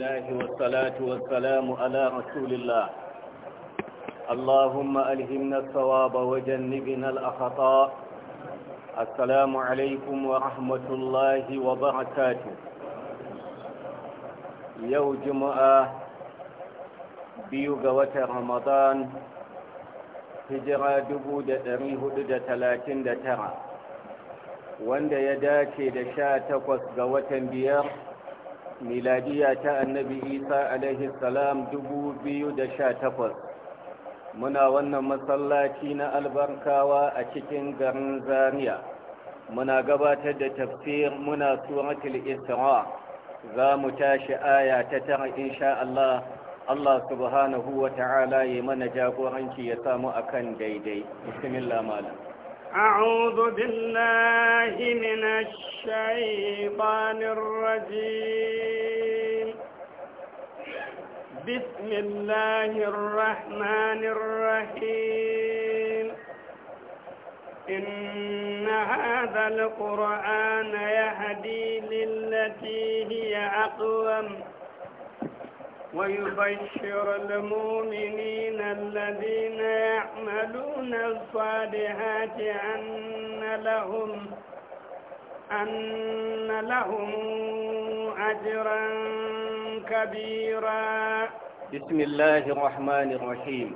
الله والصلاة والسلام على رسول الله اللهم ألهمنا الصواب وجنبنا الأخطاء السلام عليكم ورحمة الله وبركاته يوم جمعة بيوغة رمضان هجرة دبودة أريه دتلاتين دترى wanda ya dace da sha takwas ga watan biyar miladiya ta annabi isa alaihi salam takwas, muna wannan masallaci na albarkawa a cikin garin zaria muna gabatar da tafsir muna suratul isra za mu tashi aya ta tara insha Allah Allah subhanahu wa ta'ala ya mana jagoranci ya samu akan daidai bismillah malam أعوذ بالله من الشيطان الرجيم بسم الله الرحمن الرحيم إن هذا القرآن يهدي للتي هي أقوم ويبشر المؤمنين الذين يعملون الصالحات أن لهم أن لهم أجرا كبيرا بسم الله الرحمن الرحيم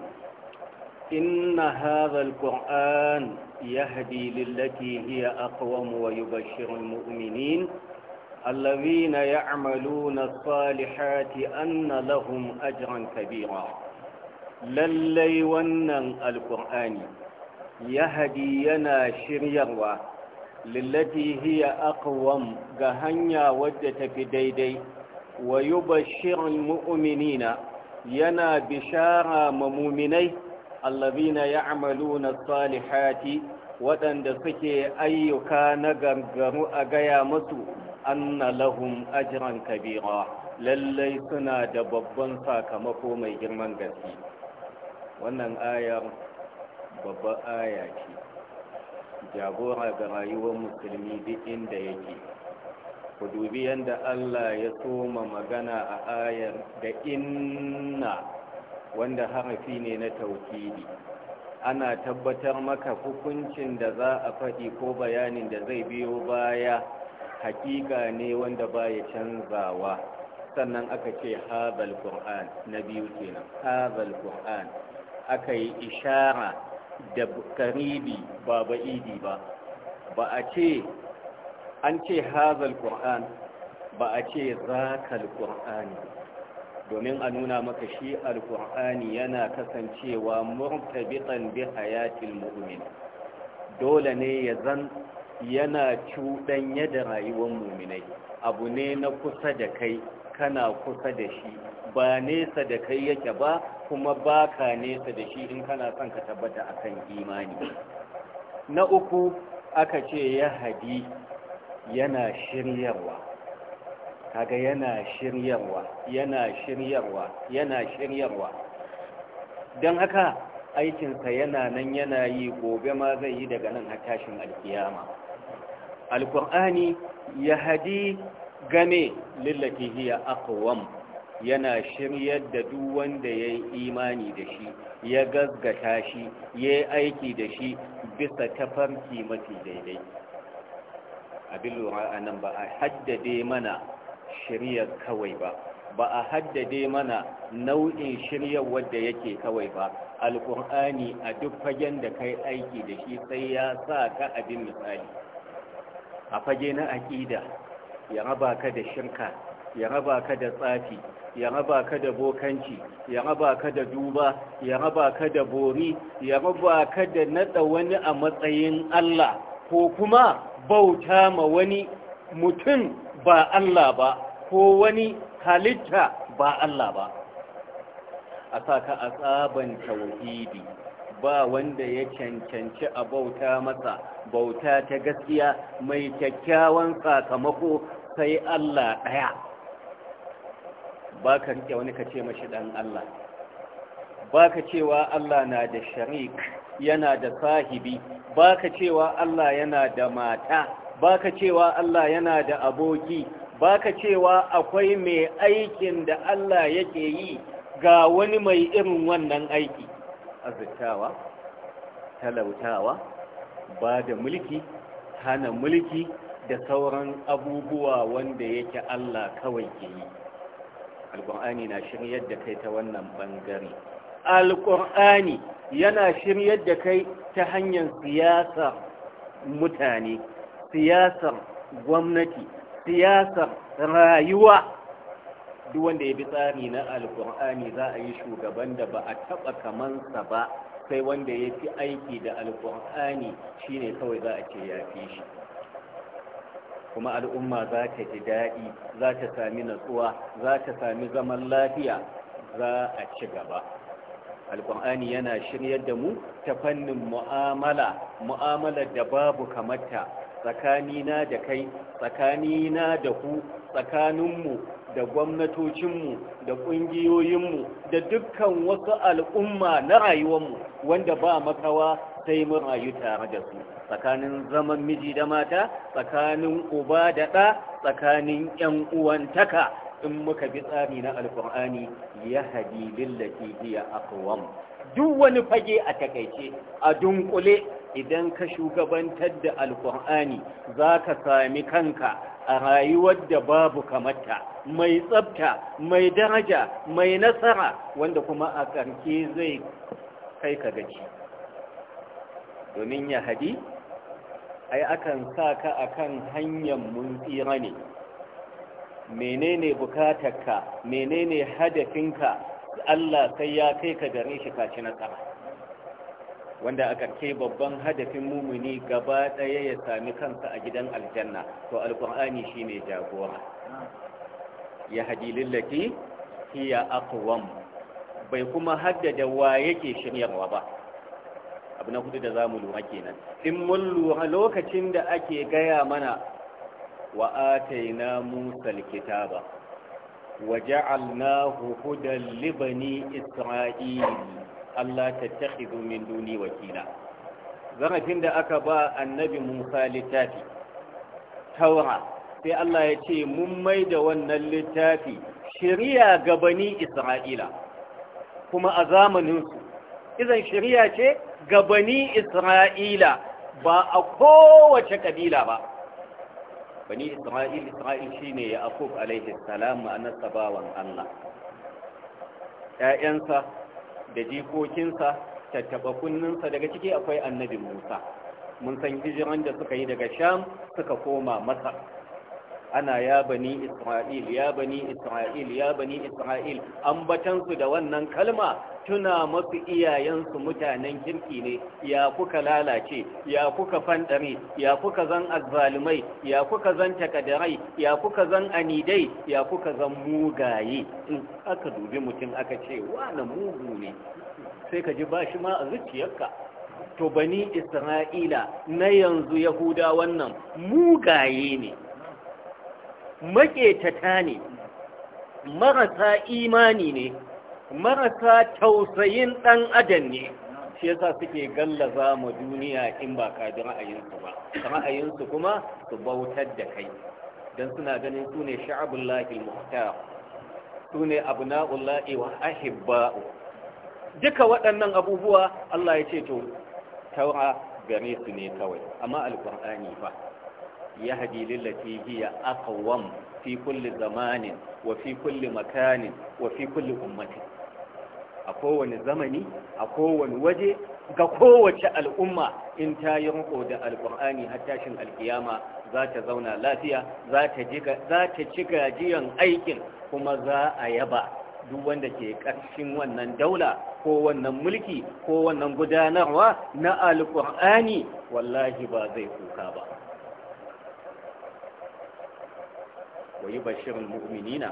إن هذا القرآن يهدي للتي هي أقوم ويبشر المؤمنين الذين يعملون الصالحات أن لهم أجرا كبيرا للي ونن القرآن يهدي ينا شريروا للتي هي أقوم قهنيا ودت في ديدي ويبشر المؤمنين ينا بشارة ممومني الذين يعملون الصالحات waɗanda suke ayyuka na gangaru a gaya musu anna lahum ajran kabira lallai suna da babban sakamako mai girman gaske wannan ayar babba aya ce jagora ga rayuwar musulmi duk inda yake ku dubi yadda Allah ya soma magana a ayar da inna wanda harafi ne na taukidi ana tabbatar maka hukuncin da za a faɗi ko bayanin da zai biyo baya haƙiƙa ne wanda baya canzawa sannan aka ce hazal qur'an na biyu kenan hazal qur'an aka yi ishara da karibi ba ba'idi ba ba a ce an ce hazal qur'an ba a ce zakal qur'ani domin a nuna maka shi alqur'ani yana kasancewa murtabitan bi hayatil mu'min dole ne ya zan yana cuɗanya da rayuwar muminai abu ne na kusa da kai kana kusa da shi ba nesa da kai yake ba kuma ba ka nesa da shi in kana son ka tabbata kan imani na uku aka ce ya hadi yana shiryarwa kaga yana shiryarwa yana shiryarwa yana shiryarwa don haka aikinsa yana nan yana yi gobe ma zai yi daga nan har tashin alkiyama alkur'ani ya hadi game lillati hiya yana shiryar da duk wanda ya yi imani da shi ya gazgata shi ya yi aiki da shi bisa tafarki mafi daidai abin lura a ba a haddade mana shiryar kawai ba ba a haddade mana nau'in shiryar wadda yake kawai ba alkur'ani a duk fagen da kai aiki da shi sai ya sa ka abin misali a fage na aƙida ya raba ka da shirka ya raba ka da tsafi ya raba ka da bokanci ya raba ka da duba ya raba ka da bori ya raba ka da naɗa wani a matsayin Allah ko kuma bauta ma wani mutum ba Allah ba ko wani halitta ba Allah ba a sa ka a tsaban tauhidi ba wanda ya cancanci a bauta masa bauta ta gaskiya mai kyakkyawan sakamako sai Allah ɗaya ba ka riƙe wani ka ce mashi ɗan Allah ba ka cewa Allah na da sharik yana da sahibi ba ka cewa Allah yana da mata ba ka cewa Allah yana da aboki ba ka cewa akwai mai aikin da Allah yake yi ga wani mai irin wannan aiki azurtawa talautawa ba da mulki hana mulki da sauran abubuwa wanda yake Allah kawai ke yi alƙur'ani na shiryar da kai ta wannan ɓangare alƙur'ani yana shiryar da kai ta hanyar siyasar mutane siyasar gwamnati siyasar rayuwa duk wanda ya bi tsari na alkur'ani za a yi shugaban da ba a taɓa kamansa ba sai wanda ya fi aiki da alkur'ani shine kawai za a ce ya fi shi kuma al'umma za ta ji daɗi za ta sami natsuwa za ta sami zaman lafiya za a ci gaba alkur'ani yana shiryar da mu ta fannin mu'amala mu'amalar da babu kamata tsakanina da kai tsakanina da ku tsakaninmu da gwamnatocinmu da ƙungiyoyinmu da dukkan wasu al'umma na rayuwanmu wanda ba makawa sai mun rayu tare da su tsakanin zaman miji da mata tsakanin uba da ɗa tsakanin ‘yan uwantaka in muka bi tsari na alkur'ani ya hadi lillati biya akwam duk wani fage a takaice a dunkule idan ka shugabantar da alkur'ani za ka sami kanka a rayuwar da babu kamata mai tsabta mai daraja mai nasara wanda kuma a ƙarke zai kai ka gaci domin ya haɗi, ai akan sa ka a kan hanyar mun tsira ne menene bukatarka menene hadafinka Allah sai ya kai ka gare shi kaci nasara wanda a ƙarshe babban hadafin mumuni gaba ɗaya ya sami kansa a gidan aljanna to alƙur'ani shine jagora ya hadi lillati hiya aqwam bai kuma haddada wa yake shiryarwa ba abu na hudu da zamu lura kenan in mun lura lokacin da ake gaya mana wa ataina musa alkitaba wa ja'alnahu hudan libani isra'ili Allah ta tafi domin duni wakila zarafin da aka ba annabi Musa littafi taura sai Allah ya ce mun mai da wannan littafi shirya ga bani Isra'ila kuma a zamaninsu izan shirya ce ga bani Isra'ila ba a kowace kabila ba bani Isra'il Isra'il shine Yaqub alaihi salamu a sabawan Allah Ya'yansa. da jikokinsa tattaba kunninsa daga ciki akwai annabi Musa mun san hijiran da suka yi daga Sham suka koma Masar ana ya bani isra'il ya bani isra'il ya bani isra'il ambatansu da wannan kalma tuna masu iyayensu mutanen kirki ne ya kuka lalace ya kuka fandare ya kuka zan azzalumai ya kuka zan takadarai ya kuka zan anidai ya kuka zan mugaye in aka dubi mutum aka ce wani mugu ne sai ka ji ba ma a zuciyarka to bani isra'ila na yanzu yahuda wannan mugaye ne maƙetata ne marasa imani ne marasa tausayin ɗan adam ne shi yasa suke gallaza ma duniya in ba ka bi ra'ayinsu ba ra'ayinsu kuma su bautar da kai don suna ganin su ne sha'abullahi muhtar su ne abna'ullahi wa ahibba'u duka waɗannan abubuwa Allah ya ce to taura gare su ne kawai amma alƙur'ani fa Yahadi, lillati hiya Akawam, fi kulli zamanin wa fi kulli makanin wa fi kulli ummatin a kowane zamani a kowane waje ga kowace al'umma in ta yi rinko da alƙur'ani har tashin alkiyama za ta zauna lafiya za ta ci gajiyan aikin kuma za a yaba duk wanda ke ƙarshen wannan daula ko wannan mulki ko wannan gudanarwa na alƙur'ani wallahi ba zai kuka ba wa yi bashirin mu'minina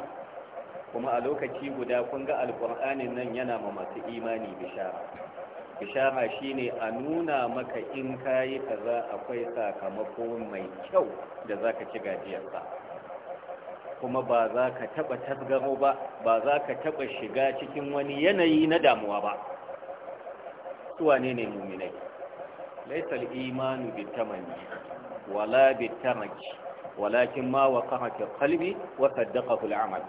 kuma a lokaci guda kun ga alƙur'anin nan yana ma masu imani bishara bishara shine a nuna maka in kayi kaza akwai sakamako mai kyau da zaka ci gajiyarsa kuma ba za ka taɓa tasgaro ba ba za ka taɓa shiga cikin wani yanayi na damuwa ba suwa ne ne muminai laisar imanu bitamani wala bitamaki walakin ma wa kahaka kalbi wa saddaka amal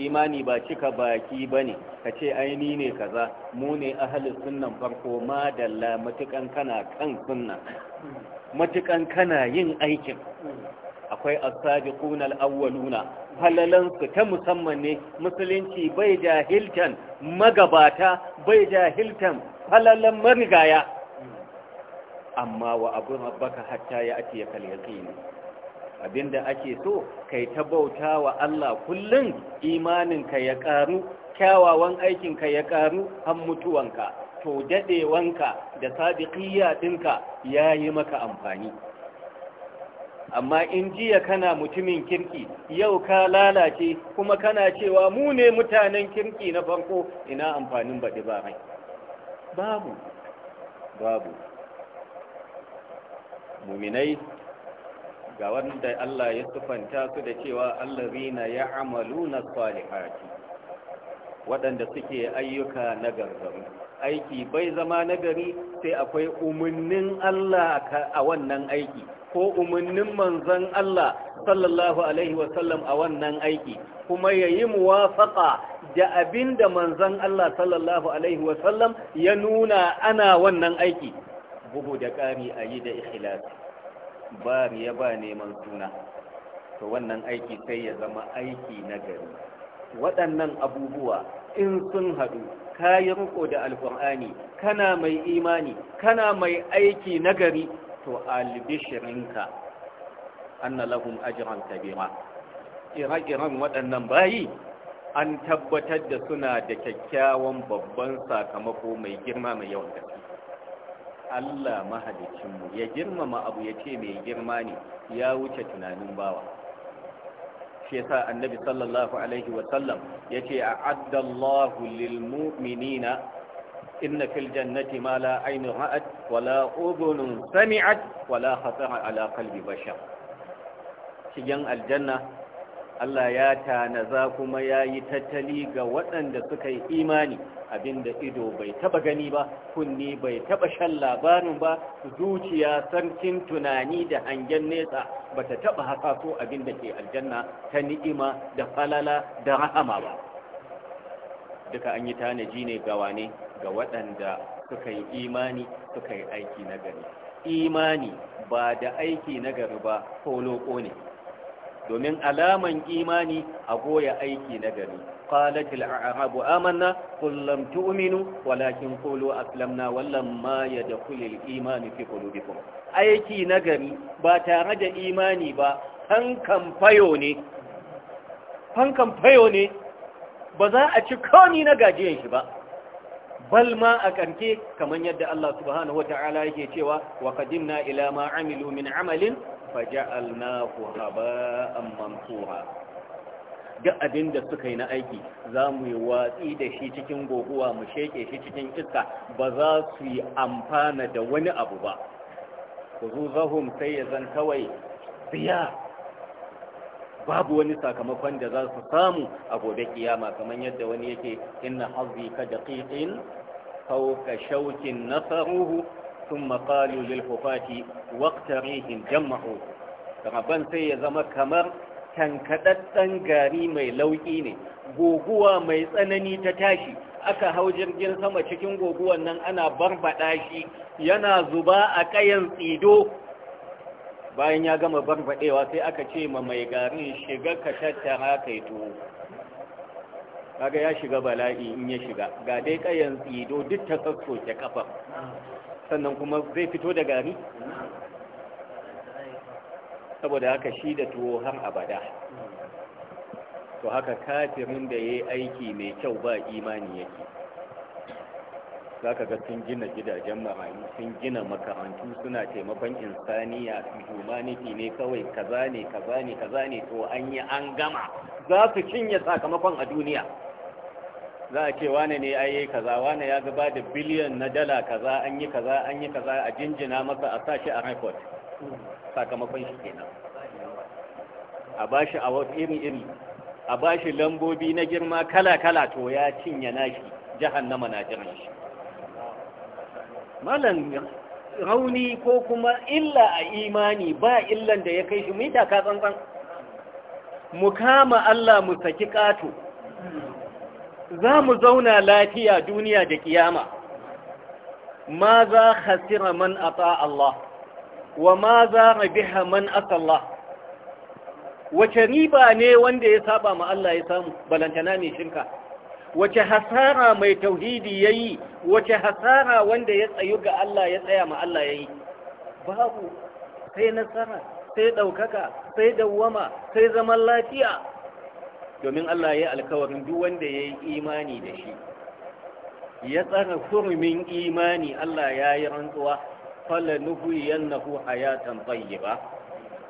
imani ba cika baki ba ne ka ce aini ne kaza mu ne ahalin sunan farko ma dalla matukan kana kan sunan. matukan kana yin aikin akwai Asabi sabiqun al-awwaluna ta musamman ne musulunci bai jahiltan magabata bai jahiltan halalan marigaya amma wa abun rabbaka hatta ya atiya kal yaqin abinda ake so kai ta bauta wa Allah kullum imaninka ya ƙaru kyawawan aikinka ya ƙaru har mutuwanka to ka da sadiqiyya ɗinka ya yi maka amfani amma in jiya kana mutumin kirki yau ka lalace kuma kana cewa mu ne mutanen kirki na farko ina amfanin baɗi ba mai babu babu muminai ga wanda Allah ya sufanta su da cewa allazina ya'maluna salihati waɗanda suke ayyuka na gargaru aiki bai zama nagari sai akwai umarnin Allah a wannan aiki ko umarnin manzon Allah sallallahu alaihi wasallam a wannan aiki kuma ya yi muwafaqa da abinda manzon Allah sallallahu alaihi wasallam ya nuna ana wannan aiki bugu da ƙari a yi da ikhlasi ba ya ba neman suna to wannan aiki sai ya zama aiki na gari waɗannan abubuwa in sun haɗu ka yi riko da alkur'ani kana mai imani kana mai aiki na gari to albishirinka An na lahum ajran kabira ire-iren waɗannan bayi an tabbatar da suna da kyakkyawan babban sakamako mai girma mai yawan gaske Allah mahalicinmu ya girmama abu ya ce mai girma ne ya wuce tunanin bawa shi yasa annabi sallallahu alaihi wasallam ya ce a addallahu lilmu'minina inna fil jannati ma la ainu ra'at wa la udhunun sami'at wa la khatara ala qalbi bashar shigen aljanna Allah ya tanaza kuma ya yi tattali ga waɗanda suka yi imani abinda ido bai taba gani ba kunne bai taba shan labarin ba zuciya sarkin tunani da hangen nesa bata taba hasaso abinda ke aljanna ta ni'ima da falala da rahama ba duka an yi tanaji ne ga wane ga waɗanda suka yi imani suka yi aiki na gari imani ba da aiki na gari ba ko loko ne domin alaman imani a goya aiki na gari قالت الأعراب آمنا قل لم تؤمنوا ولكن قولوا أسلمنا ولما يدخل الإيمان في قلوبكم أيكي نجري باتارج إيماني با فانكم فيوني فانكم فيوني بذا أتكوني نجاجين شبا bal ma a ƙarke kamar yadda Allah subhanahu wa ta'ala yake cewa wa qadimna ila ma amilu min amalin faja'alnahu haba'an mansura duk abin da suka yi na aiki za mu yi watsi da shi cikin goguwa mu sheke shi cikin iska ba za su yi amfana da wani abu ba ku zahum sai ya zan kawai biya babu wani sakamakon da za su samu a gobe kiyama kamar yadda wani yake inna hazi ka daqiqin fawqa shawkin nasaruhu thumma qalu lil hufati waqtarihim jam'u kamar sai ya zama kamar tankaɗaɗɗen gari mai lauƙi ne goguwa mai tsanani ta tashi aka hau jirgin sama cikin goguwan nan ana barbaɗa shi yana zuba a ƙayan tsido bayan ya gama barbaɗewa sai aka ce ma mai garin shiga ka tattara kai tuwo kaga ya shiga bala'i in ya shiga ga dai ƙayan tsido duk ta sassoke kafa sannan kuma zai fito da gari saboda haka shi da tuwo har abada to haka kafirin da ya yi aiki mai kyau ba imani yake za ka ga sun gina gidajen marayu sun gina makarantu suna taimakon insaniya humanity ne kawai kaza ne kaza ne kaza ne to an yi an gama za su cinye sakamakon a duniya za a ce wane ne yi kaza wane ya gaba da biliyan na dala kaza an yi kaza an yi kaza a jinjina maka a sashi a record sakamakon shi kenan a bashi a iri-iri a bashi lambobi na girma kala-kala to ya cinye nashi jahannama na jiran shi malam rauni ko kuma illa a imani ba illan da ya kai shi yi taka tsantsan mu kama Allah mu saki ƙato za mu zauna lafiya duniya da kiyama ma za khasira man ata Allah wa ma za biha man asalla wace riba ne wanda ya saba ma Allah ya samu balantana mai shinka? wace hasara mai tauhidi ya yi? wace hasara wanda ya tsayu ga Allah ya tsaya ma Allah ya yayi babu sai nasara sai ɗaukaka, sai dawwama sai zaman lafiya domin Allah ya yi alkawarin duk wanda ya yi imani da shi ya tsara hurumin imani Allah ya yi rantsuwa فلنهينه حياة طيبة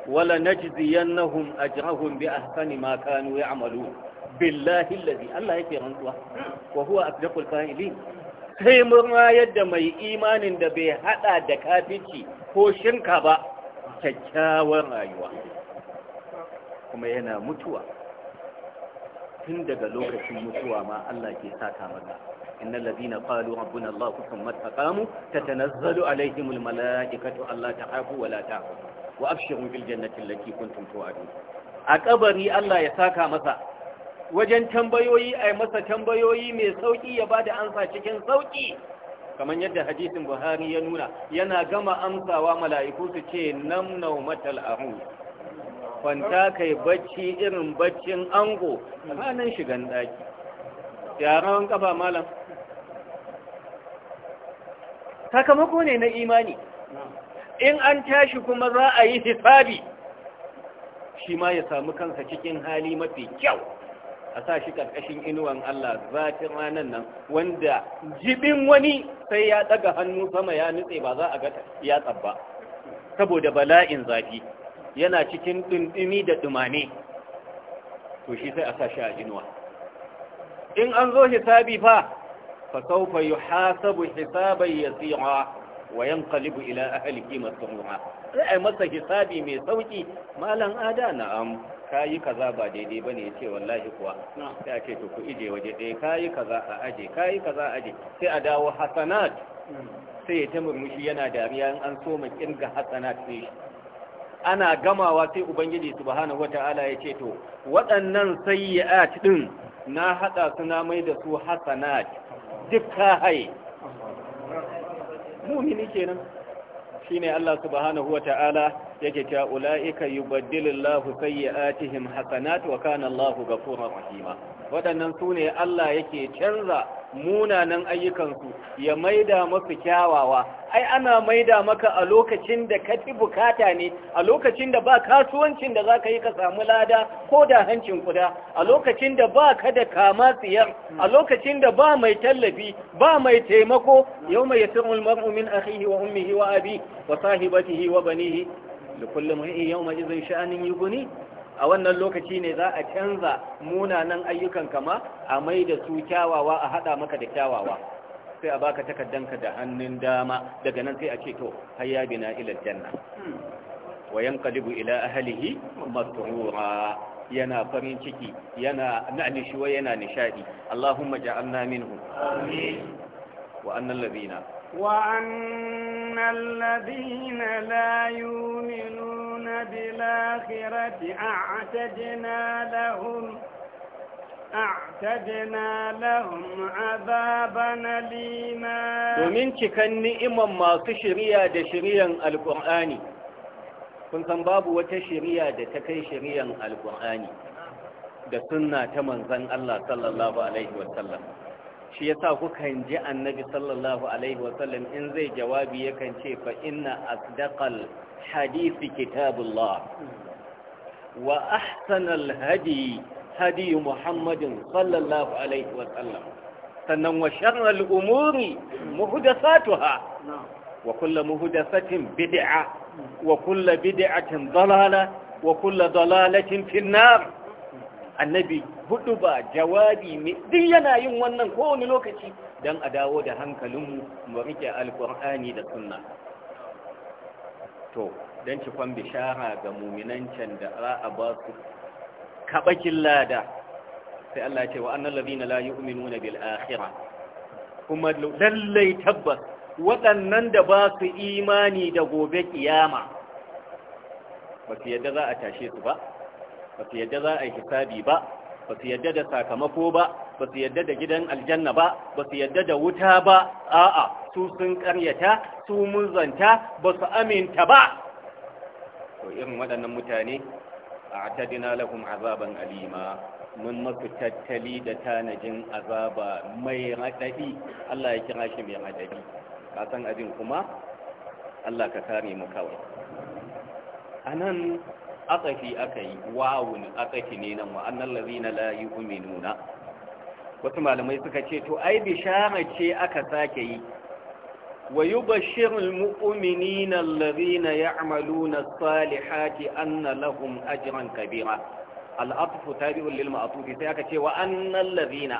ولنجزينهم أجرهم بأحسن ما كانوا يعملون بالله الذي الله يكي رنطوة وهو أصدق القائلين sai murna yadda mai imanin da bai hada da kafici ko shinka ba kyakkyawar rayuwa kuma yana mutuwa tun daga lokacin mutuwa ma Allah ke saka maka إن الذين قالوا ربنا الله ثم استقاموا تتنزل عليهم الملائكة ألا تخافوا ولا تعبدوا وأبشروا بالجنة التي كنتم توعدون أكبري الله يساكا مسا wajen tambayoyi a masa tambayoyi mai sauki ya ba da amsa cikin sauki kamar yadda hadisin buhari ya nuna yana gama amsawa mala'iku su ce namnau matal ahun kwanta kai bacci irin baccin ango ranar shigan daki yaran kafa malam sakamako ne na imani in an tashi kuma za a yi hisabi shi ma ya samu kansa cikin hali mafi kyau a sa shi ƙarƙashin inuwan Allah zafin ranar nan wanda jibin wani sai ya ɗaga hannu sama ya nutse ba za a ga ya tsabba saboda bala'in zafi yana cikin ɗumɗumi da ɗumane to shi sai a sa shi a inuwa in an zo hisabi fa فسوف يحاسب حسابا يسيرا وينقلب إلى أهله مسرورا رأي masa hisabi mai سوكي Malam Ada, na'am. نعم kayi kaza ba daidai ba ne ya ce wallahi kuwa sai a ce to ku ije waje ɗaya kayi kaza a aje kayi kaza a aje sai a dawo hasanat sai ya ta murmushi yana dariya in an so mu kirga hasanat sai ana gamawa sai ubangiji subhanahu wataala ya ce to waɗannan sayyi'at din na hada su na mai da su hasanat duk ka haye mumini kenan shine Allah subhanahu wa ta'ala yake cewa ula'ika yubaddilillahu sayyi'atihim hasanat wa kana Allahu ghafurur rahima waɗannan sune Allah yake canza munanan ayyukansu ya maida musu kyawawa ai ana maida maka a lokacin da ka fi bukata ne a lokacin da ba kasuwancin da za ka yi ka samu lada ko da hancin kuda a lokacin da ba ka da kama tsiyar a lokacin da ba mai tallafi ba mai taimako yau mai yasirul mar'u min akhihi wa ummihi wa abi wa sahibatihi wa banihi da kullum ri'in yau ma izin sha'anin yi guni a wannan lokaci ne za a canza munanan ayyukan kama a mai da su kyawawa a haɗa maka da kyawawa sai a baka takaddanka da hannun dama daga nan sai a ce to hayya bina ila janna wa yanqalibu ila ahlihi masrura yana farin ciki yana na'nishi wa yana nishadi allahumma ja'alna minhu amin wa annal ladina وأن الذين لا يؤمنون بالآخرة أعتدنا لهم أعتدنا لهم عذابا أليما ومن cikan ni'iman masu shari'a da shari'an alqur'ani kun san babu wata shari'a da ta kai shari'an alqur'ani da sunna ta manzon Allah sallallahu alaihi wasallam shi yasa kukan ji annabi sallallahu alaihi wasallam in zai jawabi yakan ce fa inna asdaqal hadisi kitabullah wa ahsanal hadi hadi muhammadin sallallahu alaihi wasallam sannan wa sharral umuri muhdathatuha wa kullu muhdathatin bid'a wa kullu bid'atin dalala wa kullu dalalatin fin nar annabi hudu ba jawabi mai duk yana yin wannan kowane lokaci don a dawo da hankalinmu mu muke alkur'ani da sunna to don cikon bishara ga muminan can da za a ba su kaɓakin lada sai Allah ce wa annan lazina la nuna bil akhirah kuma lallai tabbas waɗannan da ba su imani da gobe ƙiyama ba su yadda za a tashe su ba ba su yadda za a yi hisabi ba ba su yadda da sakamako ba ba su yadda da gidan aljanna ba ba su yadda da wuta ba a'a su sun karyata su muzanta ba su aminta ba to irin waɗannan mutane a'tadina lahum azaban alima mun masu tattali da tanajin azaba mai raɗaɗi Allah ya kira shi mai raɗaɗi ka san abin kuma Allah ka kare mu kawai anan atsafi aka yi wawun atsafi ne nan wa'annan lazina la yu'minuna wasu malamai suka ce to ai bishara ce aka sake yi wa yubashshirul mu'minina allazina na as-salihati anna lahum ajran kabira al-atfu lilma a ma'tuf sai aka ce wa annal lazina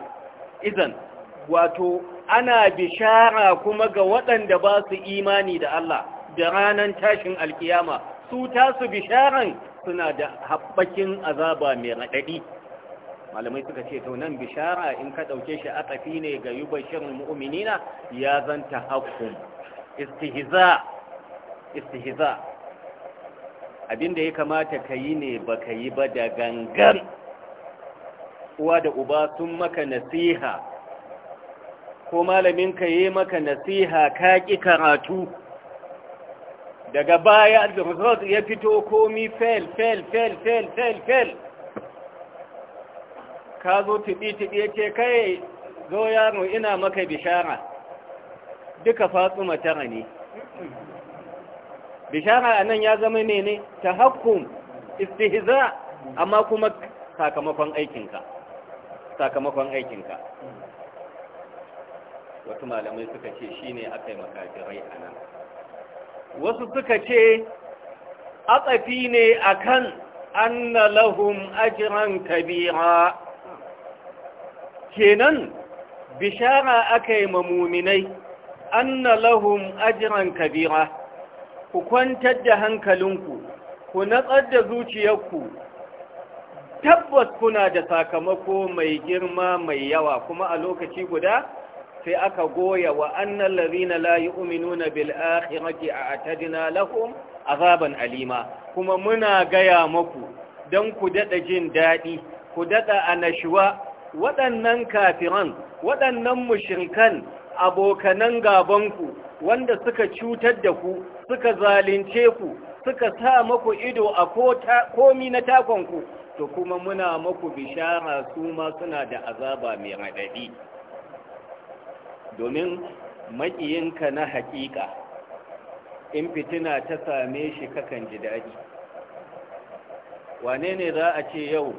wato ana bishara kuma ga waɗanda ba su imani da Allah da ranan tashin alkiyama su tasu bisharan suna da haɓakin azaba mai raɗaɗi malamai suka ce nan bishara in ka ɗauke shi fi ne ga yi bashirin mu'uminina ya zanta haƙun istihiza abinda ya kamata ka yi ne ba ka yi ba da gangan uwa da uba sun maka nasiha ko malamin ka yi maka nasiha ka ƙi karatu daga baya da result ya fito komi fail fail fail fail fail fail ka zo tiɗi-tiɗi ya kai zo yaro ina maka bishara duka fatsu matara ne bishara a nan ya zama ne ne ta hakkun istihza amma kuma sakamakon aikinka sakamakon aikinka wasu malamai suka ce shine aka yi makafirai a nan wasu suka ce atsafi ne akan anna lahum ajiran kabira kenan bishara aka yi mamuminai anna lahum ajiran kabira ku kwantar da hankalinku ku natsar da zuciyarku tabbas kuna da sakamako mai girma mai yawa kuma a lokaci guda sai aka goya wa annal ladina la yu'minuna bil akhirati a'tadna lahum azaban alima kuma muna gaya maku dan ku daɗa jin daɗi, ku dada anashwa waɗannan kafiran waɗannan mushrikan abokanan gabanku wanda suka cutar da ku suka zalince ku suka sa maku ido a komi na takon ku, to kuma muna muku bishara su ma suna da azaba mai raɗaɗi domin maƙiyinka na haƙiƙa in fitina ta same shi kakan ji daɗi wane ne za a ce yau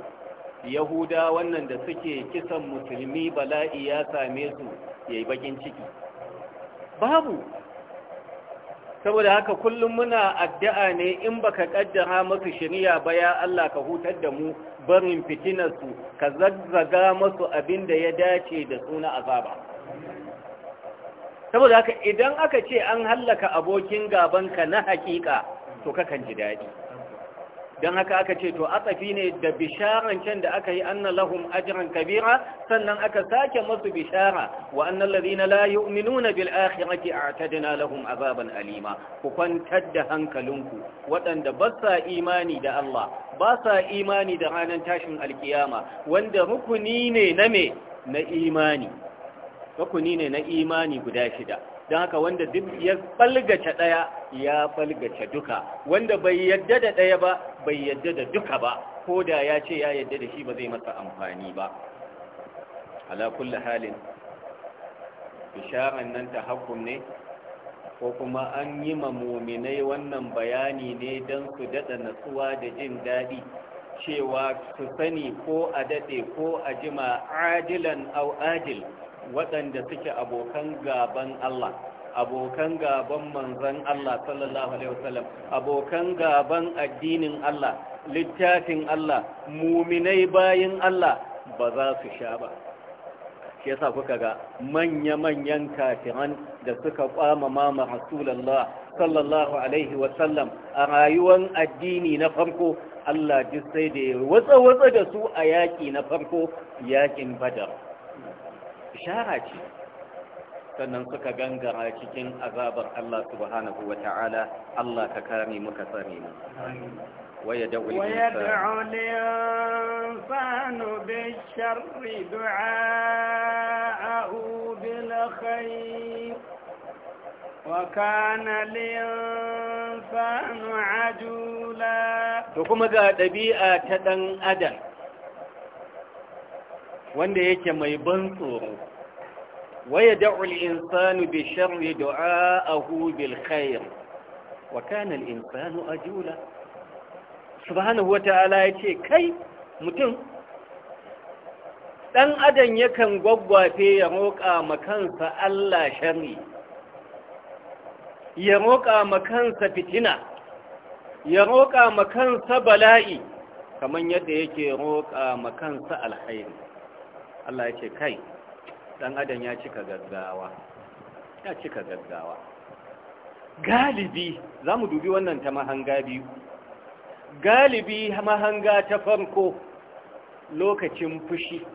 yahuda wannan da suke kisan musulmi bala'i ya same su ya yi bakin ciki babu saboda haka kullum muna addu'a ne in baka ƙaddara masu shirya ba ya Allah ka hutar da mu barin fitinarsu ka zazzaga masu abin da ya dace da suna azaba saboda haka idan aka ce an hallaka abokin gabanka na hakika to kakan ji daɗi don haka aka ce to atsafi ne da bisharan can da aka yi anna lahum ajran kabira sannan aka sake masu bishara wa annal ladina la yu'minuna bil akhirati a'tadna lahum azaban alima ku kwantar da hankalinku waɗanda ba sa imani da Allah ba sa imani da ranar tashin alkiyama wanda rukuni ne na me na imani rukuni ne na imani guda shida don haka wanda duk ya balgace ɗaya ya balgace duka wanda bai yadda da ɗaya ba bai yadda da duka ba ko da ya ce ya yadda da shi ba zai masa amfani ba ala kulli halin bisharan nan ta hakkum ne ko kuma an yi mamominai wannan bayani ne don su daɗa natsuwa da jin daɗi cewa su sani ko a daɗe ko a jima ajilan au ajil waɗanda suke abokan gaban Allah abokan gaban manzan Allah sallallahu alaihi wasallam abokan gaban addinin Allah littafin Allah muminai bayin Allah ba za su sha ba shi yasa kuka ga manya-manyan kafiran da suka kwama mama rasulallah sallallahu alaihi wasallam a rayuwar addini na farko Allah duk da ya watsa-watsa da su a yaƙi na farko yaƙin badar ishara ce sannan suka gangara cikin azabar Allah subhanahu wa ta'ala Allah ka kare muka tsare mu ويدعو الإنسان بالشر دعاءه بالخير وكان الإنسان عجولا وكما قال ɗabi'a ta ɗan adam wanda yake mai ban tsoro waya da'ul insanu bi sharri du'a'ahu bil khair wa kana al insanu ajula subhanahu wata'ala yace kai mutum dan adam yakan gwaggwafe ya roƙa makansa Allah sharri ya roƙa makansa fitina ya roƙa makansa bala'i kamar yadda yake roƙa makansa alkhairi Allah ya ce kai dan adam ya cika gaggawa ya cika gaggawa galibi za mu dubi wannan ta mahanga biyu galibi mahanga ta farko lokacin fushi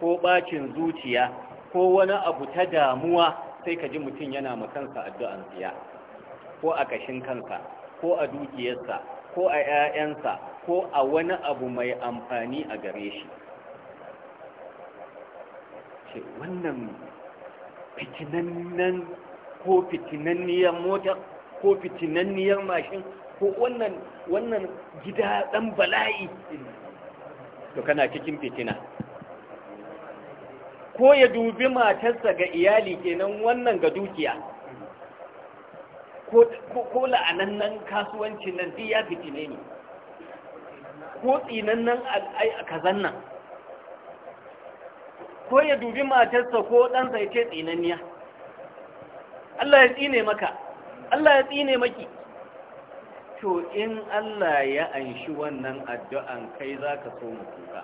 ko ɓacin zuciya ko wani abu ta damuwa sai ka ji mutum yana makansa addu'an tsiya ko a ƙashin kansa ko a dukiyarsa ko a ‘ya'yansa ko a wani abu mai amfani a gare shi ce wannan fitinannen ko fitinanniyar mota ko fitinanniyar mashin ko wannan wannan gida dan bala'i to kana cikin fitina ko ya dubi matarsa ga iyali kenan wannan ga dukiya ko la'anannan kasuwanci nan ya fitine ne ko a kazan nan ko ya dubi matarsa ko ɗansa ya ce tsinanniya Allah ya tsine maka Allah ya tsine maki to in Allah ya anshi wannan addu'an kai za ka so mu kuka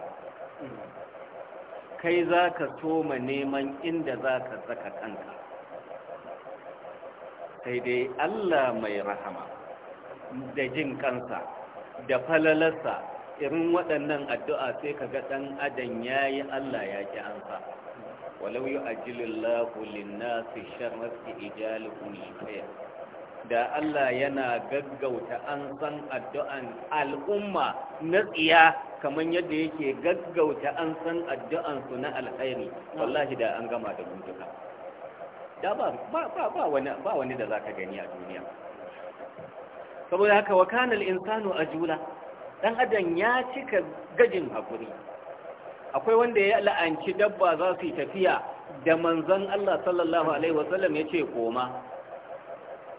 kai za ka so ma neman inda za ka saka kanka sai dai Allah mai rahama da jin kansa da falalarsa irin waɗannan addu'a sai ka ga ɗan adam ya yi Allah ya ƙi an sa walau yi su sharar su ijali shikaya da Allah yana gaggauta an san addu'an al'umma na tsiya kamar yadda yake gaggauta an san addu'ansu na alkhairi wallahi da an gama da mutuka da ba wani da za ka gani a duniya saboda haka wa kanal insanu ajula dan adam ya cika gajin hakuri akwai wanda ya la'anci dabba za su yi tafiya da manzon Allah sallallahu alaihi wasallam yace koma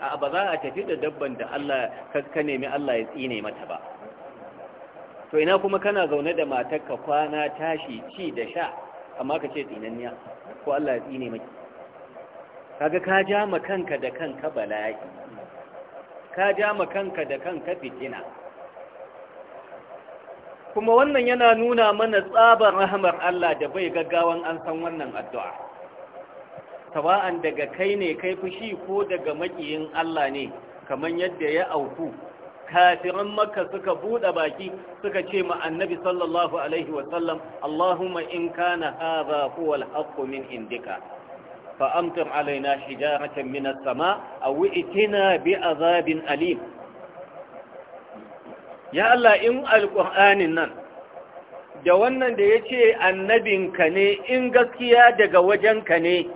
a ba za a tafi da dabban da Allah ka nemi Allah ya tsine mata ba to ina kuma kana zaune da matarka kwana tashi ci da sha amma ka ce tsinanniya ko Allah ya tsine maki kaga ka ja ma kanka da kanka bala'i ka ja ma kanka da kanka fitina kuma wannan yana nuna mana tsabar rahamar Allah da bai gaggawan an san wannan addu'a tawa'an daga kai ne kai fushi ko daga makiyin Allah ne kamar yadda ya auku kafiran makka suka buɗe baki suka ce ma annabi sallallahu alaihi wasallam Allahumma in kana hadha huwa al min indika فأمطر علينا حجارة من السماء أو ائتنا بعذاب أليم ya Allah in alƙur'anin nan da wannan da ya ce annabinka ne in gaskiya daga wajenka ne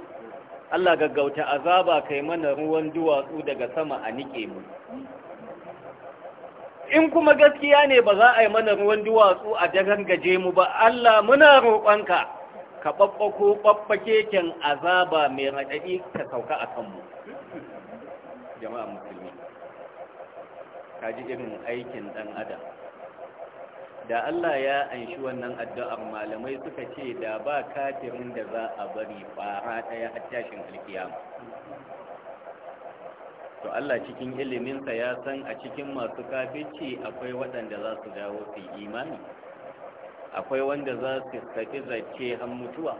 Allah gaggauta azaba kai mana ruwan duwatsu daga sama a niƙe mu in kuma gaskiya ne ba za a yi mana ruwan duwatsu a gaje mu ba Allah muna roƙonka ka ɓaɓɓako ɓaɓɓake azaba mai raɗaɗi ka sauka a kanmu jama'a kaji irin aikin dan adam da Allah ya anshi wannan addu'ar malamai suka ce da ba kafirin da za a bari fara ɗaya a tashin alkiyama to Allah cikin iliminsa ya san a cikin masu kafici akwai waɗanda za su dawo su imani akwai wanda za su tafi zace har mutuwa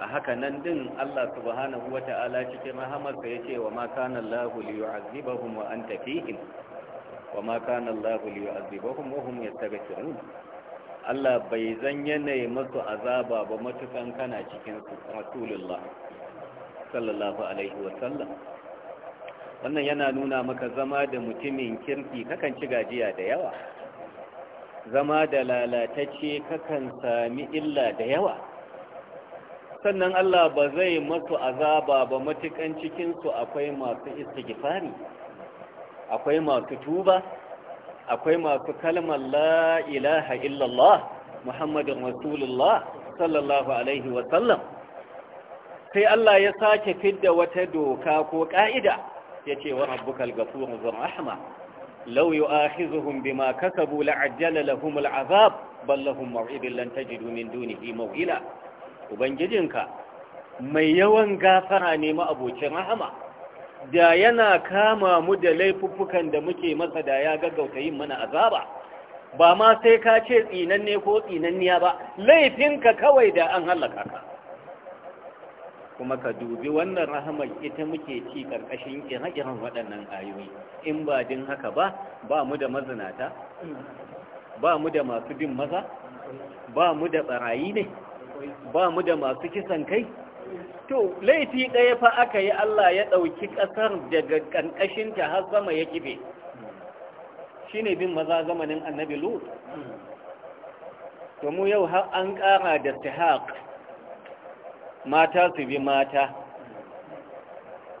a haka nan din Allah subhanahu wa ta'ala cikin ya ce wa ma kana Allahu liyu'azzibahum wa anta fihim wa ma kana Allahu liyu'azzibahum wa hum yastaghfirun Allah bai zan yanayi masu azaba ba matukan kana cikin Rasulullah sallallahu alaihi wa sallam wannan yana nuna maka zama da mutumin kirki kakan ci gajiya da yawa zama da lalatacce kakan sami illa da yawa sannan Allah ba zai masu azaba ba matukan cikinsu akwai masu istighfari akwai masu tuba akwai masu kalmar la ilaha illallah muhammadin rasulullah sallallahu alaihi wasallam sai Allah ya sake fidda wata doka ko ka'ida ya ce wa rabbukal gafuru zur rahma law yu'akhizuhum bima kasabu la'ajjala lahum al'azab bal lahum maw'idun lan tajidu min dunihi maw'ila ubangijinka mai yawan gafara ne ma'abocin rahama da yana kama mu da laifuffukan da muke masa da ya gaggauta yin mana azaba ba ma sai ka ce tsinanne ko tsinanniya ba laifinka kawai da an hallaka ka kuma ka dubi wannan rahamar ita muke ci ƙarƙashin ƙirƙirar waɗannan ayoyi in ba din haka ba ba mu da mazinata ba mu da masu bin maza ba mu da ɓarayi ne ba mu da masu kisan kai to laifi ɗaya fa aka yi Allah ya ɗauki ƙasar daga ƙanƙashinta har sama ya kibe shi ne bin maza zamanin annabi lut to mu yau har an ƙara da tihaq mata su bi mata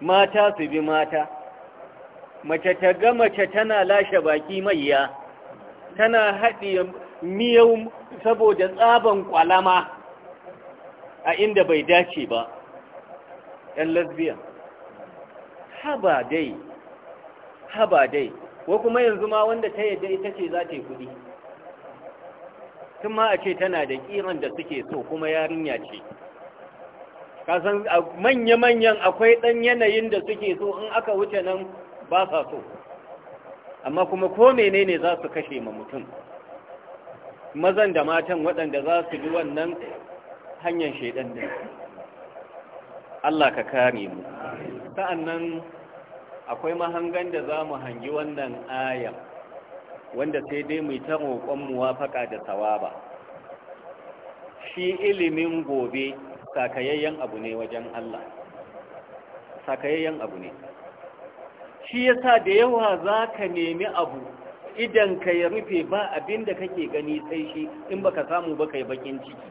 mata su bi mata mace ta ga mace tana lashe baki maiya tana haɗe miyau saboda tsaban ƙwalama a inda bai dace ba ‘yan lesbian haba dai haba dai ko kuma yanzu ma wanda ta yadda ita ce za ta yi kudi kuma a ce tana da kiran da suke so kuma yarinya ce kasan manya-manyan akwai ɗan yanayin da suke so in aka wuce nan ba sa so amma kuma ko menene za su kashe ma mutum mazan da matan waɗanda za su ji wannan hanyar shaidan din Allah ka kare mu sa'annan akwai mahangan da za mu hangi wannan ayan wanda sai dai mu ta roƙon muwafaka da sawaba shi ilimin gobe sakayayyen abu ne wajen Allah sakayayyen abu ne shi yasa da yawa za ka nemi abu idan ka ya rufe ba abin da kake gani sai shi in baka samu ba kai bakin ciki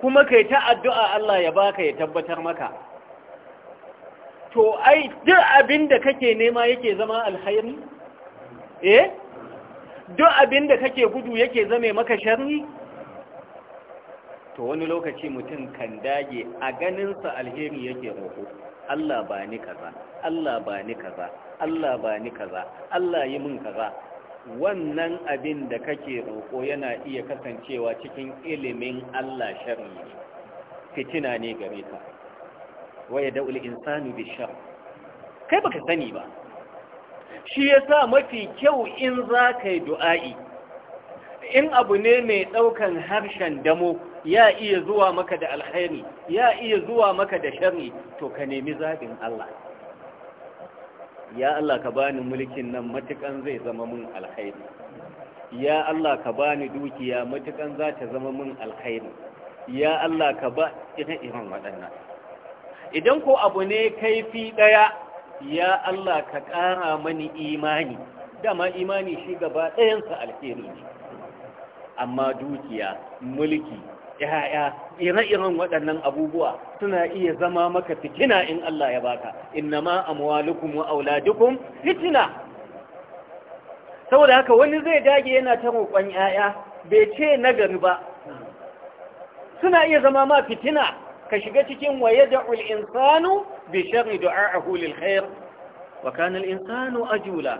kuma kai ta addu'a Allah ya baka ya tabbatar maka to ai duk abin da kake nema yake zama alhairi eh duk abin da kake gudu yake zame maka sharri to wani lokaci mutum kan dage a ganinsa alheri yake roƙo Allah ba ni kaza Allah ba ni kaza Allah ba ni kaza Allah yi min kaza wannan abin da kake roƙo yana iya kasancewa cikin ilimin Allah sharri fitina ne gare ka waya da'ul insanu bi shar kai baka sani ba shi yasa mafi kyau in za ka yi du'a'i in abu ne mai ɗaukan harshen damo ya iya zuwa maka da alkhairi ya iya zuwa maka da sharri to ka nemi zabin Allah ya Allah ka bani mulkin nan matukan zai zama mun alkhairi ya Allah ka bani dukiya matukan za ta zama mun alkhairi ya Allah ka ba ina iman waɗannan idan ko abu ne kaifi ɗaya ya Allah ka ƙara mani imani dama imani shi gaba ɗayansa alheri ne amma dukiya mulki ya'ya ire-iren waɗannan abubuwa suna iya zama maka fitina in Allah ya baka innama amwalukum wa auladukum fitina saboda haka wani zai dage yana ta roƙon ya'ya bai ce nagari ba suna iya zama ma fitina ka shiga cikin waye da insanu bi sharri du'a'ahu lil khair wa kana insanu ajula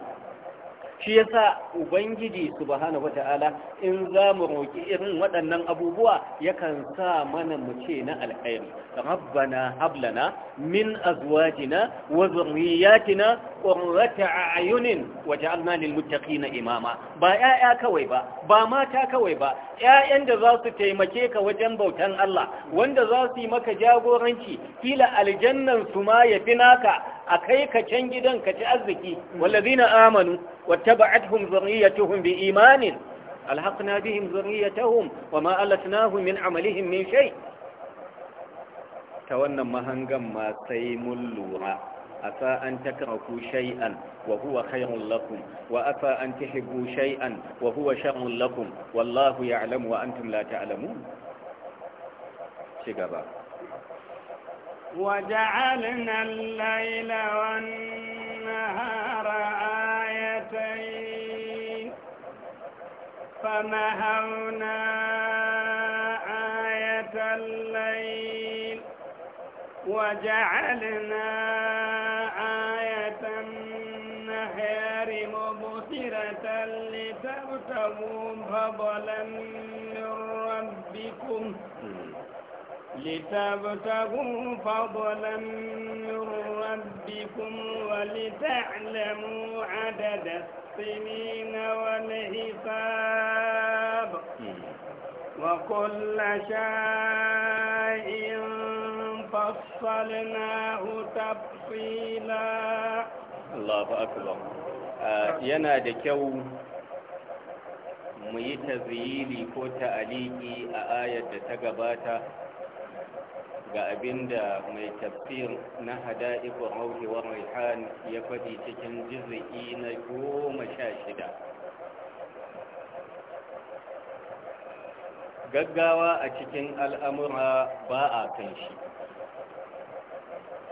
shi yasa ubangiji subhanahu wata'ala in za mu roƙi irin waɗannan abubuwa yakan sa mana mu ce na alkhairi rabbana hablana min azwajina wa zurriyatina qurrata a'yunin waj'alna lil muttaqina imama ba ƴaƴa kawai ba ba mata kawai ba ƴaƴan da za su taimake ka wajen bautan Allah wanda za su yi maka jagoranci kila aljannan su ma yafi naka a kai ka can gidan ka ci arziki wallazina amanu wata اتبعتهم ذريتهم بإيمان ألحقنا بهم ذريتهم وما ألتناهم من عملهم من شيء تونا مهنغا ما سيم اللورا أفا أن تكرهوا شيئا وهو خير لكم وأفا أن تحبوا شيئا وهو شر لكم والله يعلم وأنتم لا تعلمون شكرا وجعلنا الليل والنهار فنهونا آية الليل وجعلنا آية النهار مبصرة لترتبوا فضلا من ربكم لتبتغوا فضلا من ربكم ولتعلموا عدد السنين والسنين والحساب وكل شيء فصلناه تفصيلا الله أكبر yana da kyau mu yi tazili ko ta aliki a ayar da ta gabata ga abinda mai tafsir na ikon rauhi wa raihan ya faɗi cikin jizgi na goma sha shida gaggawa a cikin al'amura ba a kan shi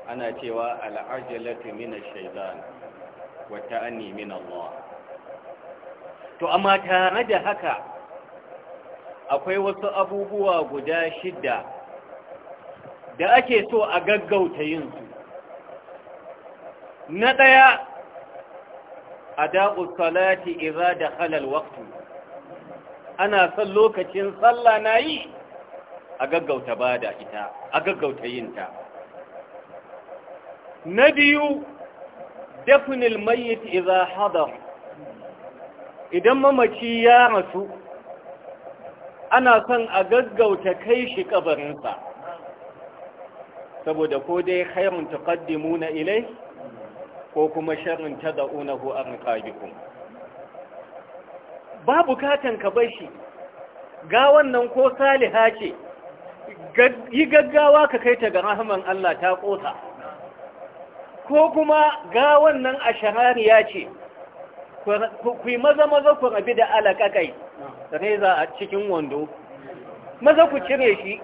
ana cewa al'ajalatu mina shaidan wata an nemi Allah to amma tare da haka akwai wasu abubuwa guda shida da ake so a gaggauta yin su na ɗaya a daƙus salati iza da halal waktu ana son lokacin tsalla na yi a gaggauta ba da ita a gaggauta yinta na biyu dafinil mayit iza hadar idan mamaci ya rasu ana son a gaggauta kai shi ƙabarinsa. saboda ko dai khairun tuqaddimuna ilai ko kuma sharrun tad'unahu an qabikum ba bukatan ka bashi ga wannan ko saliha ce yi gaggawa ka kai ta ga rahman Allah ta ƙosa. ko kuma ga wannan ya ce ku yi maza maza ku rabi da alaƙaƙai reza a cikin wando maza ku cire shi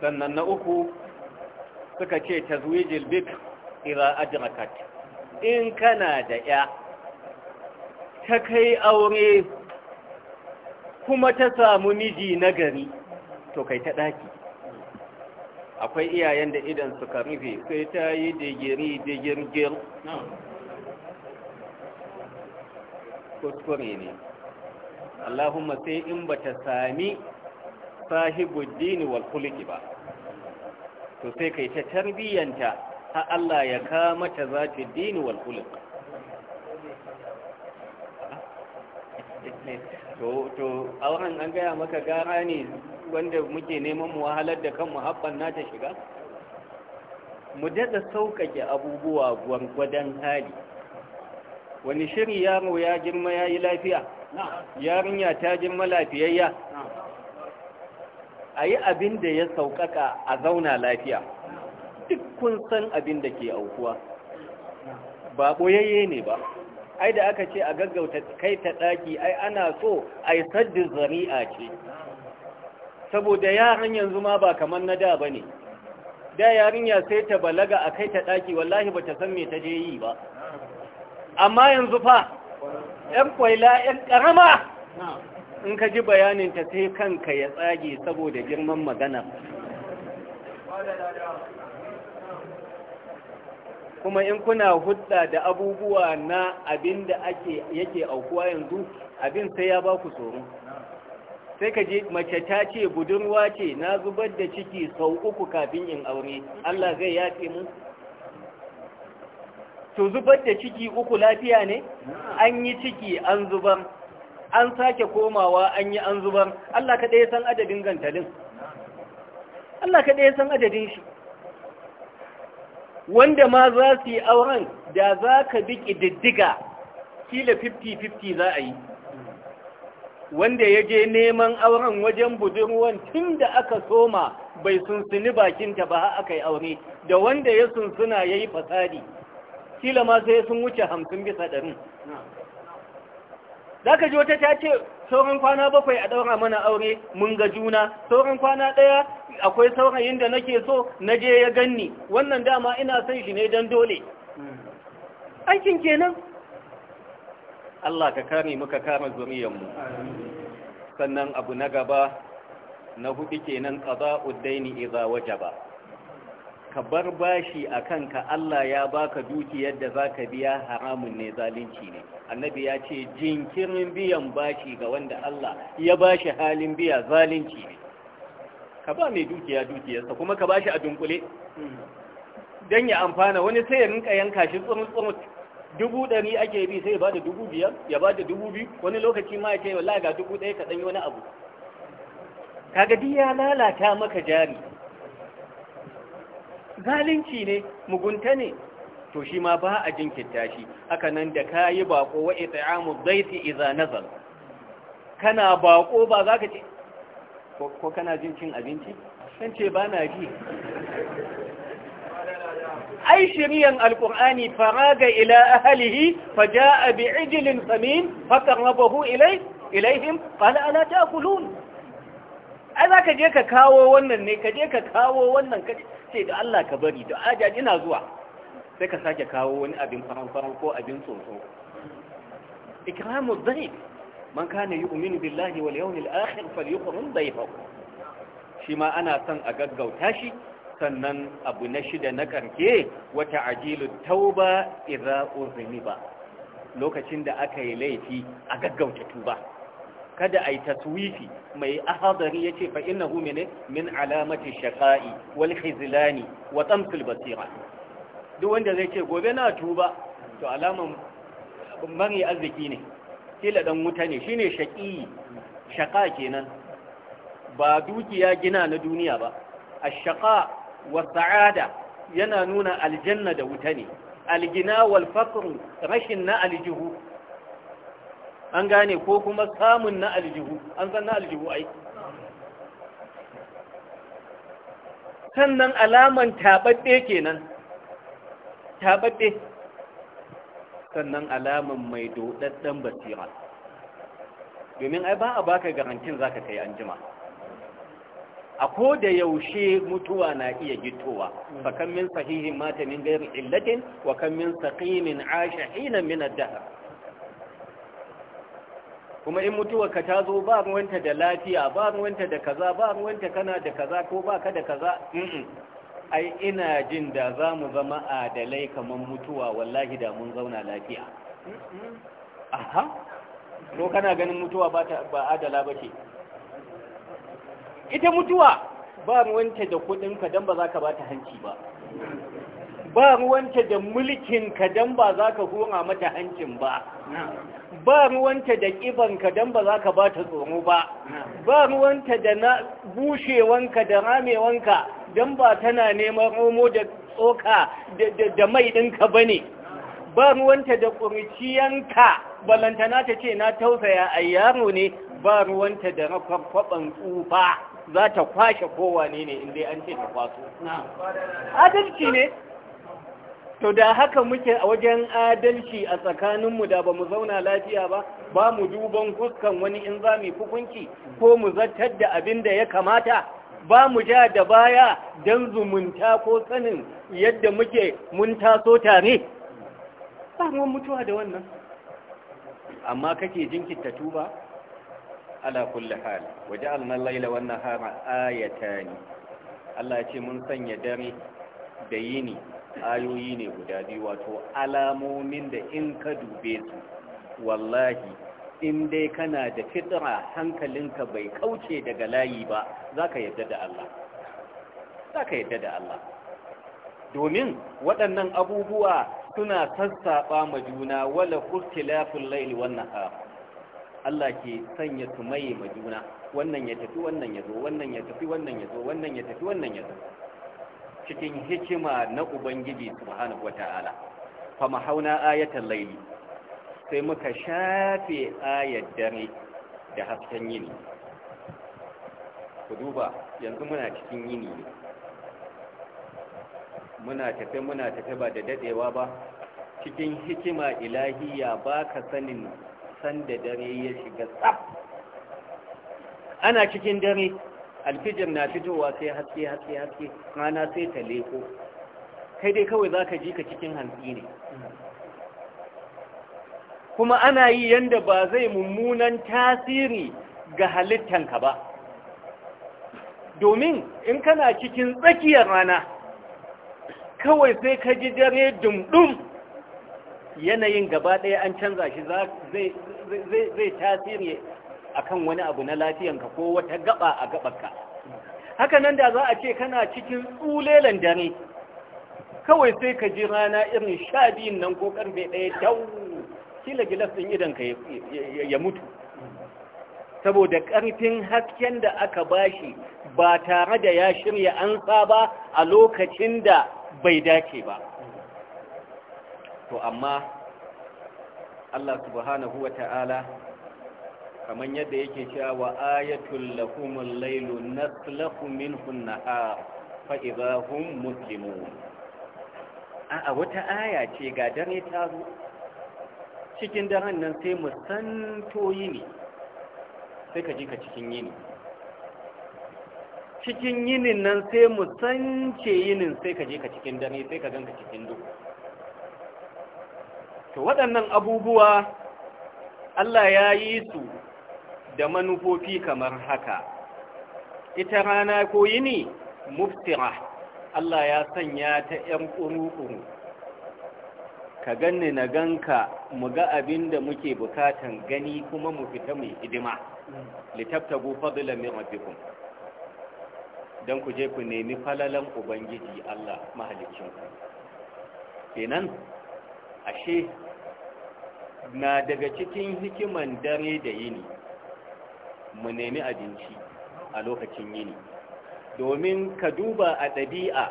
sannan na uku suka ce tazwijil bik ira adrakat in kana da ya ta kai aure kuma ta samu miji nagari to kai ta daki akwai iyayen da idan suka rufe sai ta yi digiri digirgir kuskure ne allahumma sai in bata sami dini wal kuliki ba to sai kai ta tarbiyyanta ha Allah ya kama ta ta dini wal khuluq to auren an gaya maka gara ne wanda muke neman mu wahalar da kanmu na ta shiga mu sauƙaƙe abubuwa gwangwadon hali wani shiri yaro ya girma ya yi lafiya yarinya ta girma lafiyayya a yi abin da ya sauƙaƙa a zauna lafiya duk kun san abin da ke aukuwa ba ɓoyayye ne ba ai da aka ce a gaggauta kai ta ɗaki ai ana so a yi saddin zari'a ce saboda yaran yanzu ma ba kamar na da ba ne da yarinya sai ta balaga a kai ta ɗaki wallahi ba ta san me ta je yi ba amma yanzu fa ‘yan ƙwaila ‘yan ƙarama in ka ji bayanin ta sai kanka ya tsage saboda girman magana kuma in kuna hudda da abubuwa na abin da ake yake aukuwa yanzu abin sai ya ba ku tsoro sai ka je mace ta ce budurwa ce na zubar da ciki sau uku kafin in aure Allah zai yafe mu to zubar da ciki uku lafiya ne an yi ciki an zubar an sake komawa an yi an zubar Allah ka ɗaya san adadin gantalin Allah ka ɗaya san adadin shi wanda ma za su yi auren da za ka bi ƙididdiga kila 50-50 za a yi wanda ya je neman auren wajen budurwan tun da aka soma bai sunsuni bakinta ba aka yi aure da wanda ya sunsuna ya yi fasadi kila ma sai sun wuce hamsin bisa ɗarin za ka ji wata ta ce sauran kwana bakwai a daura mana aure mun ga juna sauran kwana ɗaya akwai saurayin da nake so na je ya ganni wannan dama ina son shi ne don dole aikin kenan Allah ka kare muka kare zuriyarmu sannan abu na gaba na hudu kenan qada'ud daini idza wajaba ka bar bashi a kanka Allah ya baka dukiyar da za ka biya haramun ne zalunci ne annabi ya ce jinkirin biyan bashi ga wanda Allah ya bashi halin biya zalunci ne ka ba mai dukiya dukiyarsa kuma ka bashi a dunkule don ya amfana wani sai ya rinka yanka shi tsurut-tsurut dubu ɗari ake bi sai ya ba da dubu biyar ya ba da dubu biyu wani lokaci ma ya ce wa ga dubu ɗaya ka ɗanyi wani abu kaga duk ya lalata maka jari zalunci ne mugunta ne to shi ma ba a jinkirta shi haka nan da ka yi bako wa ita'amu daifi iza nazal kana bako ba za ka ce ko kana jin cin abinci kan ce ba na ji ai shiriyan alkur'ani faraga ila ahalihi faja'a bi'ijlin samin faqarrabahu ilay ilayhim qala ala ta'kulun ai za ka je ka kawo wannan ne ka je ka kawo wannan ka ce da Allah ka bari da ajaji ina zuwa sai ka sake kawo wani abin faran-faran ko abin tsotso ikramu dhaif man kana yu'minu billahi wal yawmil akhir falyukrim dhaifahu shi ma ana son a gaggauta shi sannan abu na shida na karke wata ajilu tauba idza uzniba lokacin da aka yi laifi a gaggauta tuba kada a yi taswifi mai ahadari ya ce fa'in na ne min alamati shaƙa'i wal khizilani wa tsamsul basira duk wanda zai ce gobe na tuba to alaman mari arziki ne kila dan wuta ne shine ne shaƙi shaƙa kenan ba dukiya gina na duniya ba a shaƙa wa sa'ada yana nuna aljanna da wuta ne algina wal rashin na aljihu an gane ko kuma samun na aljihu an san na aljihu ai sannan alaman taɓaɓɓe kenan taɓaɓɓe sannan alaman mai doɗaɗɗen basira domin ai ba a baka garantin zaka kai an jima a ko da yaushe mutuwa na iya gitowa fa kan min sahihin matanin min illatin wa kan min saqimin asha min ad-dahr kuma in mutuwarka ta zo ba ruwanta da lafiya ba ruwanta da kaza ba ruwanta kana da kaza ko ba ka da kaza ai ina jin da za mu zama adalai kamar mutuwa wallahi da mun zauna lafiya aha ko kana ganin mutuwa ba adala ba ce ita mutuwa ba ruwanta da kudinka don ba za ka ba ta hanci ba ba ruwanta da mulkinka don ba za ka goma mata hancin ba ba ruwanta da ƙibanka don ba za ka ba ta tsoro ba ba ruwanta da na bushewanka da ramewanka don ba tana neman romo da tsoka da mai ɗinka ba ne ba ruwanta da ƙuriciyanka balantana ta ce na tausaya a yaro ne ba ruwanta da rakwakwaban tsufa za ta kwashe kowane ne inda an ce ta kwaso adalci ne to da haka muke a wajen adalci a tsakaninmu da ba mu zauna lafiya ba ba mu duban fuskan wani in za mu hukunci ko mu zartar da abin da ya kamata ba mu ja da baya don zumunta ko sanin yadda muke mun taso tare ba mu mutuwa da wannan amma kake jinkirta tuba ala kulli hal waja'alna al-laila wan nahara ayatan Allah ya ce mun sanya dare da yini ayoyi ne guda biyu wato alamomin da in ka dube su wallahi in dai kana da fitra hankalinka bai kauce daga layi ba za ka yadda da Allah za ka yadda da Allah domin waɗannan abubuwa suna sassaɓa ma juna wala kurtilafin laili wannan ha Allah ke sanya su maye ma juna wannan ya tafi wannan ya zo wannan ya tafi wannan ya zo wannan ya tafi wannan ya zo cikin hikima na ubangiji subhanahu wata'ala fa mahauna ayatan layli sai muka shafe ayat dare da hasken yini ku duba yanzu muna cikin yini ne muna tafe muna tafe ba da dadewa ba cikin hikima ilahiya ba ka sanin sanda dare ya shiga tsaf. ana cikin dare alfijir na fitowa sai haske haske haske rana sai ta leko kai dai kawai za ka ji ka cikin hantsi ne kuma ana yi yanda ba zai mummunan tasiri ga halittanka ba domin in kana cikin tsakiyar rana kawai sai ka ji dare dumdum yanayin gaba ɗaya an canza shi zai tasiri akan wani abu na lafiyanka ko wata gaba a gabarka haka nan da za a ce kana cikin tsulelan dare kawai sai ka ji rana irin sha biyun nan ko karfe ɗaya dau kila gilas ɗin idanka ya mutu saboda ƙarfin hasken da aka bashi ba tare da ya shirya an ba a lokacin da bai dace ba to amma Allah subhanahu wa ta'ala kamar yadda yake cewa wa ayatul lahumul lailu naslahu minhu nahar fa idha hum muslimun a wata aya ce ga dare ta zo cikin daren nan sai mu san santo yini sai ka ji ka cikin yini cikin yinin nan sai mu san ce yinin sai ka je ka cikin dare sai ka ganka cikin duk to waɗannan abubuwa Allah ya yi su da manufofi kamar haka ita rana ko yini muftira Allah ya sanya ta ‘yan ka ganni na ganka mu ga abin da muke bukatan gani kuma mu fita mai hidima littattago fadila min rabbikum don ku je ku nemi falalan ubangiji Allah mahalicinku kenan ashe na daga cikin hikiman dare da yini mu nemi abinci a lokacin yini domin ka duba a ɗabi'a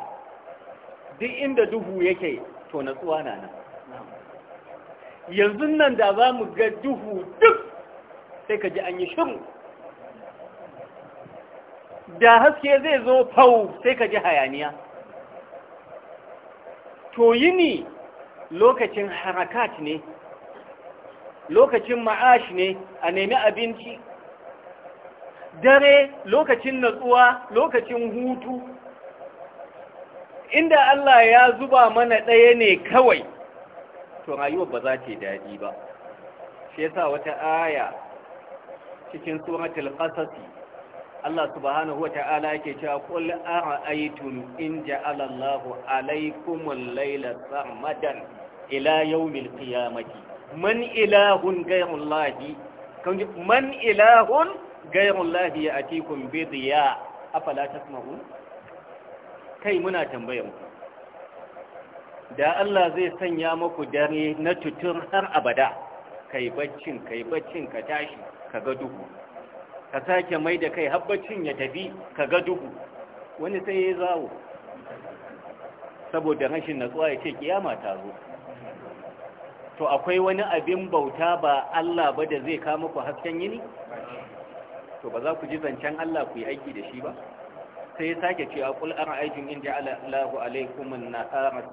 duk inda duhu yake to natsuwa na nan yanzu nan da za mu ga duhu duk sai ka ji an yi shiru da haske zai zo fau sai ka ji hayaniya to yini lokacin harakat ne lokacin ma'ash ne a nemi abinci dare lokacin natsuwa lokacin hutu inda Allah ya zuba mana ɗaya ne kawai to rayuwar ba za ta daɗi ba shi yasa wata aya cikin suratul qasas Allah subhanahu wata'ala yake cewa qul ara'aytum in ja'ala Allahu al layla sarmadan ila yawmil qiyamati man ilahun ghayrullahi man ilahun gairun a ya bezi ya afala tasma'u kai muna tambayar da Allah zai sanya muku dare na tutun har abada kai baccin kai baccin ka tashi ka ga duhu ka sake mai da kai habbacin ya tafi ka ga duhu wani sai ya zawo saboda rashin natsuwa ya ce kiyama ta zo to akwai wani abin bauta ba Allah ba da zai kawo muku hasken yini to ba za ku ji zancen Allah ku yi aiki da shi ba sai sake cewa kul an aikin in ja'ala alaikum an-nahara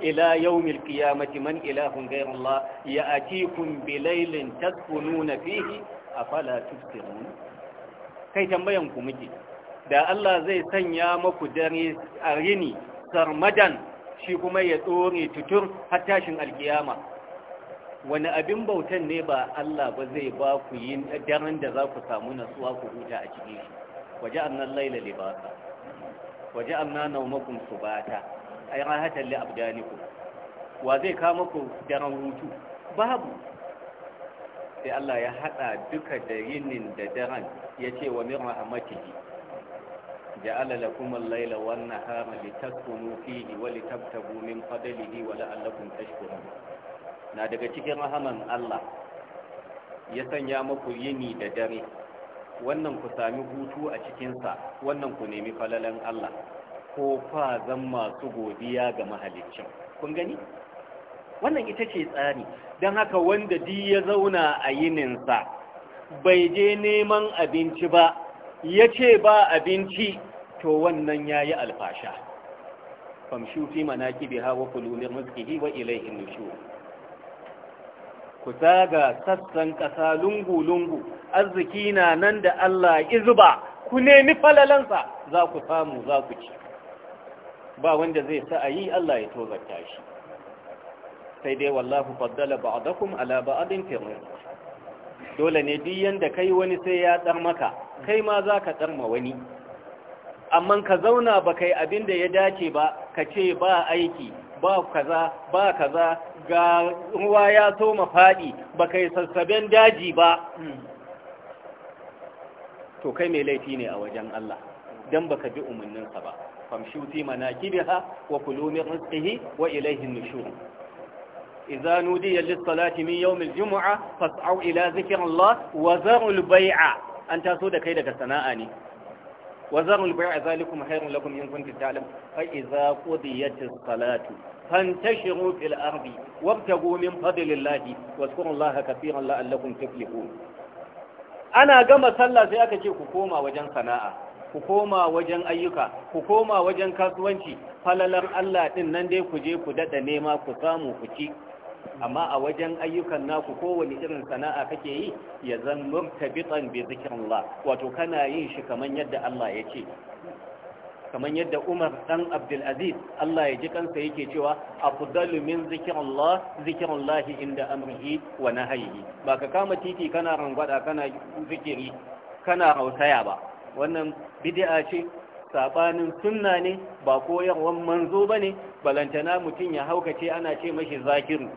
ila yawmil qiyamati man ilahun ghayra Allah ya'tikum bilaylin taskununa fihi afala tufsirun kai tambayan ku muke da Allah zai sanya maku dare a rini sarmadan shi kuma ya tsore tutur har tashin alkiyama wani abin bautan ne ba Allah ba zai ba ku yi daren da za ku samu nasuwa ku huta a cikin shi waje annan laila libasa waje annan naumakun subata ay rahatan li abdanikum wa zai kama ku daren hutu babu sai Allah ya hada duka da yinin da daren yace wa min rahmatihi ja'ala lakum al-laila wan nahara litaskunu fihi wa litabtagu min fadlihi wa la'allakum tashkurun na daga cikin rahaman Allah ya sanya muku yini da dare wannan ku sami hutu a cikinsa wannan ku nemi falalan Allah ko fa zan masu godiya ga mahaliccin kun gani wannan ita ce tsari don haka wanda di ya zauna a yininsa bai je neman abinci ba ya ce ba abinci to wannan ya yi alfasha famshu fi manaki biha wa kulunin rizqihi wa ilayhin nushur ku zaga sassan ƙasa lungu-lungu arziki na nan da Allah izuba ku nemi falalansa za ku samu za ku ci ba wanda zai sa a Allah ya tozarta shi sai dai wallahu faddala ba'dakum ala ba'din firin dole ne duk yanda kai wani sai ya dar maka kai ma zaka dar ma wani amma ka zauna ba kai abin da ya dace ba ka ce ba aiki ba kaza ba kaza ga ruwa ya so mafaɗi ba kai sassaben daji ba to kai mai laifi ne a wajen Allah ba baka bi umarninsa ba famshu fi manakibiha wa kulu min rizqihi wa ilayhi an-nushur idza nudiya lis-salati min yawm al ila dhikrillah wa zarul bai'a an taso da kai daga sana'a ne wa zarul bai'a zalikum khairun salatu فانتشروا في الأرض وابتغوا من فضل الله واذكروا الله كثيرا لعلكم تفلحون أنا كما صلى سي aka ce ku koma wajen sana'a ku koma wajen ayyuka ku koma wajen kasuwanci falalar Allah din nan dai ku je ku dada nema ku samu ku ci amma a wajen ayyukan naku kowane irin sana'a kake yi ya zan murtabitan bi zikrillah wato kana yin shi kaman yadda Allah ya ce kamar yadda Umar dan Abdul Aziz Allah ya ji kansa yake cewa afdalu min zikrullah zikrullahi inda amrihi wa nahyihi ba ka kama titi kana rangwada kana zikiri kana rausaya ba wannan bid'a ce sabanin sunna ne ba koyarwar manzo bane balantana mutum ya haukace ana ce mashi zakiru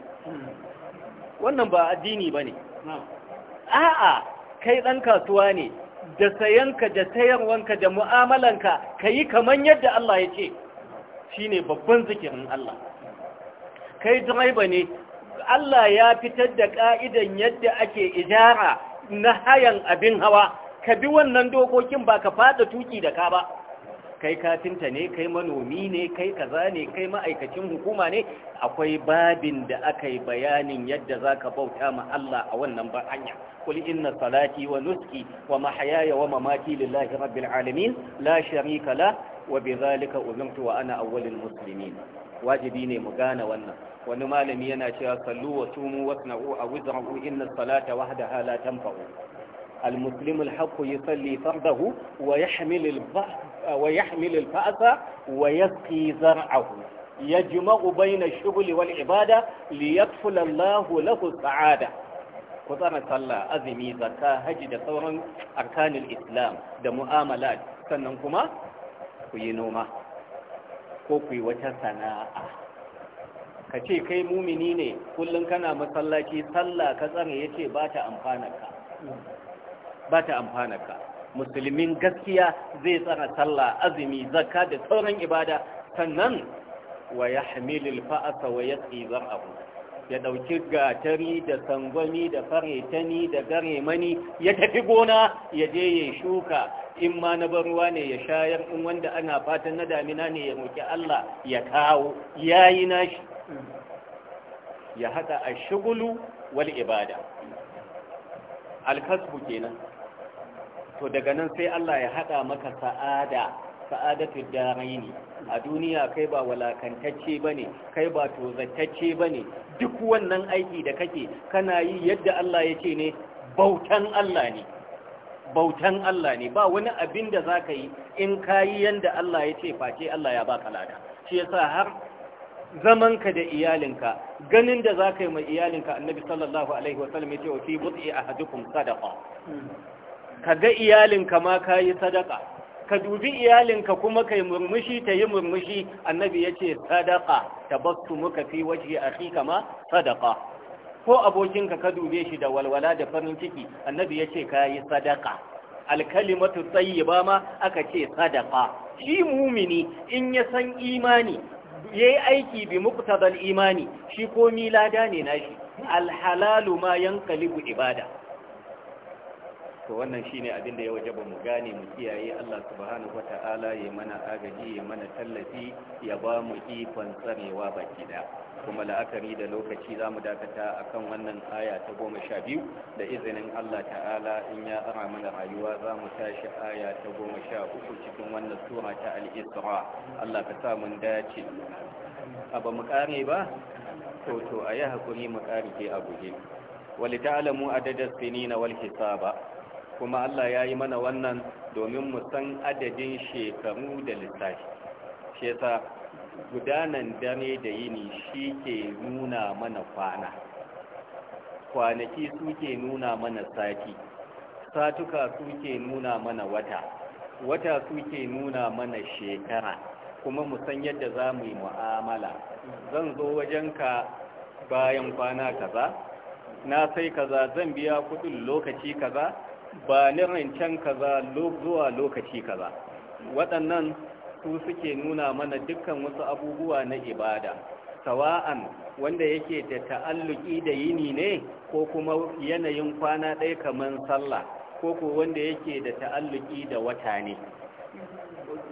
wannan ba addini bane a'a kai dan kasuwa ne da sayanka da sayarwanka da mu'amalanka ka yi kamar yadda Allah ya ce shi ne babban zikirin Allah kai direba ne Allah ya fitar da ƙa'idan yadda ake ijara na hayan abin hawa ka bi wannan dokokin ba ka fada tuki da ka ba kai kafinta ne kai manomi ne kai kaza ne kai ma'aikacin hukuma ne akwai babin da aka yi bayanin yadda za ka bauta ma Allah a wannan ba hanya kul inna salati wa nuski wa mahayaya wa mamati lillahi rabbil alamin la sharika la wa bidhalika umirtu wa ana awwalul muslimin wajibi ne mu gane wannan wani malami yana cewa sallu wa sumu wasna'u a wizra'u inna salata wahdaha la tanfa'u المسلم الحق يصلي فرضه ويحمل البعض ويحمل الفأس ويسقي زرعه يجمع بين الشغل والعبادة ليكفل الله له السعادة kutsara sallah azumi zakka haji da sauran arkanin islam da mu'amala sannan kuma ku yi noma ko ku wata sana'a ka ce kai mumini ne kullum kana masallaci sallah ka tsare yace bata ta ba ta amfana ka musulmin gaskiya zai tsara sallah azumi zakka da sauran ibada sannan wa ya hamilil fa'asa wa ya tsibar abu ya ɗauki gatari da sangwami da faretani da garemani ya tafi gona ya je ya shuka in ma na ruwa ne ya shayar in wanda ana fatan na damina ne ya roƙi Allah ya kawo ya nashi ya haɗa a shigulu wal ibada alkasbu kenan to daga nan sai Allah ya haɗa maka sa'ada sa'adatu daraini a duniya kai ba walakantacce bane kai ba ba bane duk wannan aiki da kake kana yi yadda Allah ya ce ne bautan Allah ne bautan Allah ne ba wani abin da za ka yi in ka yi yadda Allah ya ce face Allah ya baka lada shi yasa har zamanka da iyalinka ganin da za ka yi mai iyalinka annabi sallallahu alaihi wasallam ya ce wa fi bud'i ahadukum sadaqa hmm. ka ga iyalinka ma ka yi sadaka ka dubi iyalinka kuma ka yi murmushi ta yi murmushi annabi ya ce sadaka tabattu muka fi waje a kama sadaka ko abokinka ka dube shi da walwala da farin ciki annabi ya ce ka yi sadaka alkalimatu ba ma aka ce sadaka shi mumini in ya san imani ya yi aiki bi muktadal imani shi ko lada ne nashi alhalalu ma yankalibu ibada to wannan shine abin da ya wajaba mu gane mu kiyaye Allah subhanahu wata'ala ya mana agaji ya mana tallafi ya ba mu ikon tsarewa baki da kuma la'akari da lokaci za mu dakata akan wannan aya ta goma sha biyu da izinin Allah ta'ala in ya tsara mana rayuwa za mu tashi aya ta goma sha uku cikin wannan sura ta al-isra Allah ka sa mun dace ba mu kare ba to to a yi hakuri mu kare ke a guje Sini عدد السنين والحساب kuma Allah ya yi mana wannan domin mu san adadin shekaru da littafi. shi gudanan dare da yini shi ke nuna mana kwana kwanaki su ke nuna mana sati satuka su ke nuna mana wata wata su ke nuna mana shekara kuma mu san yadda za mu yi mu'amala zan zo wajenka bayan kwana kaza na sai kaza zan biya kudin lokaci kaza ba ni rancen kaza zuwa lokaci kaza waɗannan su suke nuna mana dukkan wasu abubuwa na ibada sawa'an wanda yake da ta'alluki da yini ne ko kuma yanayin kwana ɗaya kamar sallah ko ko wanda yake da ta'alluki da wata ne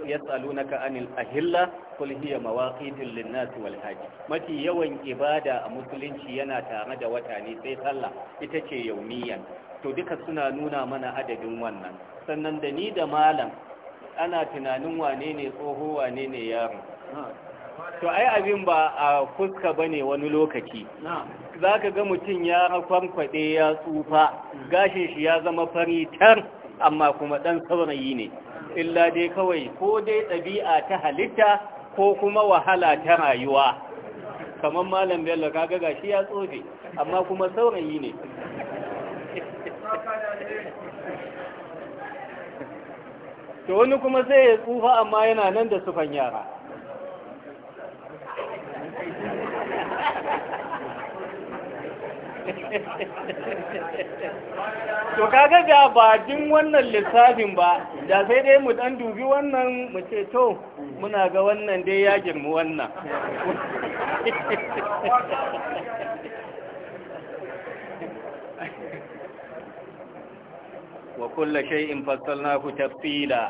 yas'alunaka anil ahilla qul hiya mawaqitul linnas wal hajj mafi yawan ibada a musulunci yana tare da wata ne sai sallah ita ce yaumiyan to duka suna nuna mana adadin wannan sannan da ni da malam ana tunanin wane ne tsoho wane ne yaro to ai abin ba a fuska bane wani lokaci za ka ga mutum ya kwankwaɗe ya tsufa gashin shi ya zama fari tar amma kuma ɗan saurayi ne illa dai kawai ko dai ɗabi'a ta halitta ko kuma wahala ta rayuwa kamar malam bello kaga gashi ya tsofe amma kuma saurayi ne to wani kuma sai ya tsufa amma yana nan da sufan yara to kaga da ba din wannan lissafin ba da sai dai mu dan dubi wannan mu ce to muna ga wannan dai ya girmi wannan wa kulla shay'in ku tafsila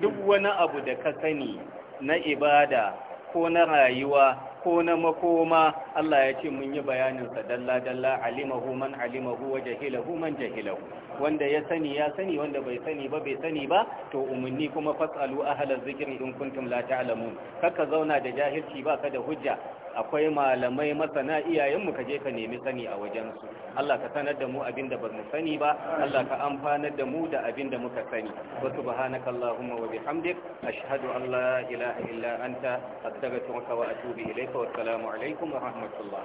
duk wani abu da ka sani na ibada ko na rayuwa ko na makoma Allah ya ce mun yi bayaninsa dalla-dalla alimahu man alimahu wa jahilahu man jahilahu wanda ya sani ya sani wanda bai sani ba bai sani ba to umarni kuma fasalu ahalar zikirin in kuntum la ta'lamun kaka zauna da jahilci ba ka da hujja akwai malamai masana iyayenmu ka je ka nemi sani a wajensu Allah ka sanar da mu abin da sani ba Allah ka amfanar da mu da abin da muka sani wa subhanaka allahumma wa bihamdik ashhadu an la ilaha illa anta astaghfiruka wa atubu ilayka wa assalamu alaikum wa rahmatullah